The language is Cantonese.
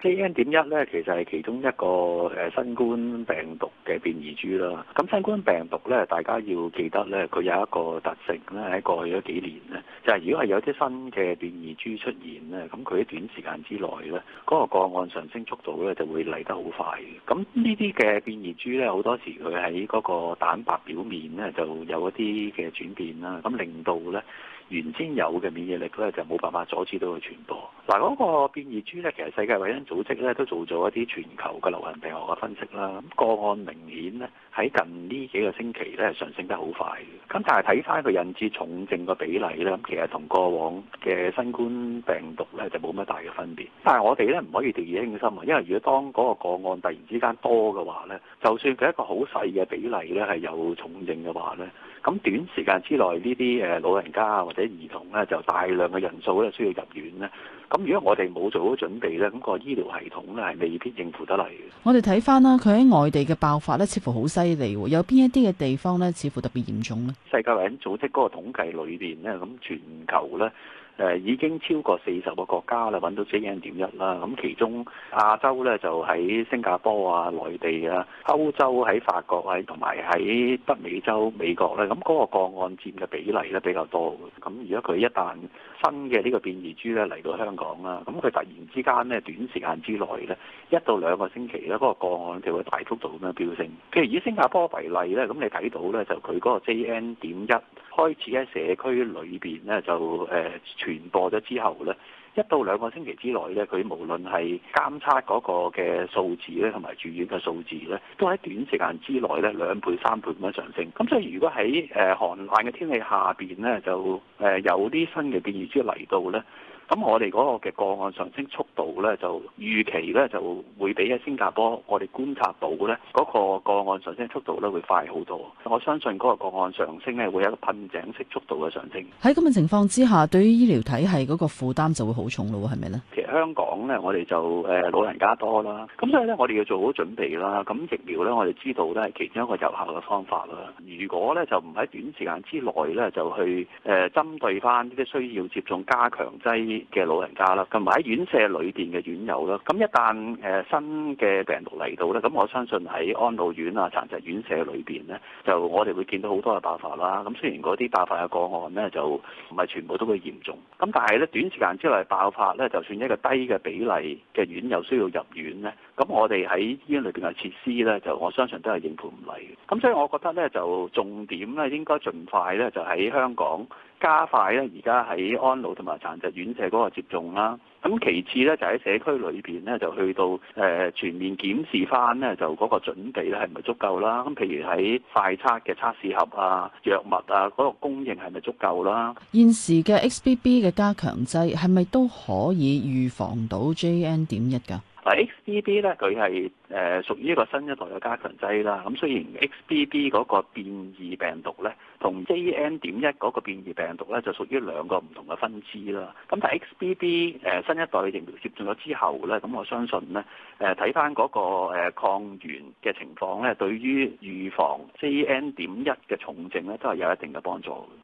JN 點一咧，其實係其中一個誒，新冠病毒嘅變異株啦。咁新冠病毒咧，大家要記得咧，佢有一個特性咧，喺過去嗰幾年咧，就係、是、如果係有啲新嘅變異株出現咧，咁佢喺短時間之內咧，嗰、那個個案上升速度咧就會嚟得好快嘅。咁呢啲嘅變異株咧，好多時佢喺嗰個蛋白表面咧，就有一啲嘅轉變啦，咁令到咧原先有嘅免疫力咧，就冇辦法阻止到佢傳播。嗱，嗰個變異株咧，其實世界衛生組織咧都做咗一啲全球嘅流行病學嘅分析啦。咁個案明顯咧喺近呢幾個星期咧上升得好快嘅。咁但係睇翻佢引致重症嘅比例咧，咁其實同過往嘅新冠病毒咧就冇乜大嘅分別。但係我哋咧唔可以掉以輕心啊，因為如果當嗰個個案突然之間多嘅話咧，就算佢一個好細嘅比例咧係有重症嘅話咧，咁短時間之內呢啲誒老人家或者兒童咧就大量嘅人數咧需要入院咧，咁如果我哋冇做好準備呢，咁、個醫療系統呢係未必應付得嚟嘅。我哋睇翻啦，佢喺外地嘅爆發呢，似乎好犀利。有邊一啲嘅地方呢，似乎特別嚴重呢？世界衞生組織嗰個統計裏邊呢，咁全球呢，誒已經超過四十個國家啦，揾到 JN 點一啦。咁其中亞洲呢，就喺新加坡啊、內地啊，歐洲喺法國啊，同埋喺北美洲美國咧、啊，咁、那、嗰個個案佔嘅比例呢，比較多。咁如果佢一旦新嘅呢個變異株咧嚟到香港啦，咁佢突然之間咧，短時間之內咧，一到兩個星期咧嗰、那個個案就會大幅度咁樣飆升，譬如以新加坡為例咧，咁你睇到咧就佢嗰個 JN 點一開始喺社區裏邊咧就誒、呃、傳播咗之後咧。一到兩個星期之內咧，佢無論係監測嗰個嘅數字咧，同埋住院嘅數字咧，都喺短時間之內咧兩倍、三倍咁樣上升。咁所以如果喺誒寒冷嘅天氣下邊咧，就誒有啲新嘅變異株嚟到咧，咁我哋嗰個嘅個案上升速度咧，就預期咧就會會比喺新加坡我哋觀察到咧嗰個個案上升速度咧會、那個、會快好多。我相信嗰個、個個案上升咧會有一個噴井式速度嘅上升。喺咁嘅情況之下，對於醫療體系嗰個負擔就會好。重咯，係咪咧？香港咧，我哋就誒、呃、老人家多啦，咁所以咧，我哋要做好準備啦。咁、嗯、疫苗咧，我哋知道咧係其中一個有效嘅方法啦。如果咧就唔喺短時間之內咧就去誒、呃、針對翻呢啲需要接種加強劑嘅老人家啦，同埋喺院舍裏邊嘅院友啦。咁一旦誒新嘅病毒嚟到咧，咁我相信喺安老院啊、殘疾院舍裏邊咧，就我哋會見到好多嘅爆發啦。咁、嗯、雖然嗰啲爆發嘅個案咧就唔係全部都會嚴重，咁但係咧短時間之內爆發咧，就算一個。低嘅比例嘅院又需要入院咧，咁我哋喺醫院裏邊嘅設施咧，就我相信都係應付唔嚟嘅。咁所以我覺得咧，就重點咧應該盡快咧就喺香港加快咧而家喺安老同埋殘疾院舍嗰個接種啦。咁其次咧就喺社區裏邊咧就去到誒全面檢視翻咧就嗰個準備咧係咪足夠啦？咁譬如喺快測嘅測試盒啊、藥物啊嗰個供應，係咪足夠啦？現時嘅 XBB 嘅加強劑，係咪都可以預防到 JN. 點一㗎？嗱 XBB 咧，佢係誒屬於一個新一代嘅加強劑啦。咁、嗯、雖然 XBB 嗰個變異病毒咧，同 JN. 點一嗰個變異病毒咧，就屬於兩個唔同嘅分支啦。咁、嗯、但係 XBB 誒、呃、新一代嘅疫苗接種咗之後咧，咁、嗯、我相信咧誒睇翻嗰個抗原嘅情況咧，對於預防 JN. 點一嘅重症咧，都係有一定嘅幫助。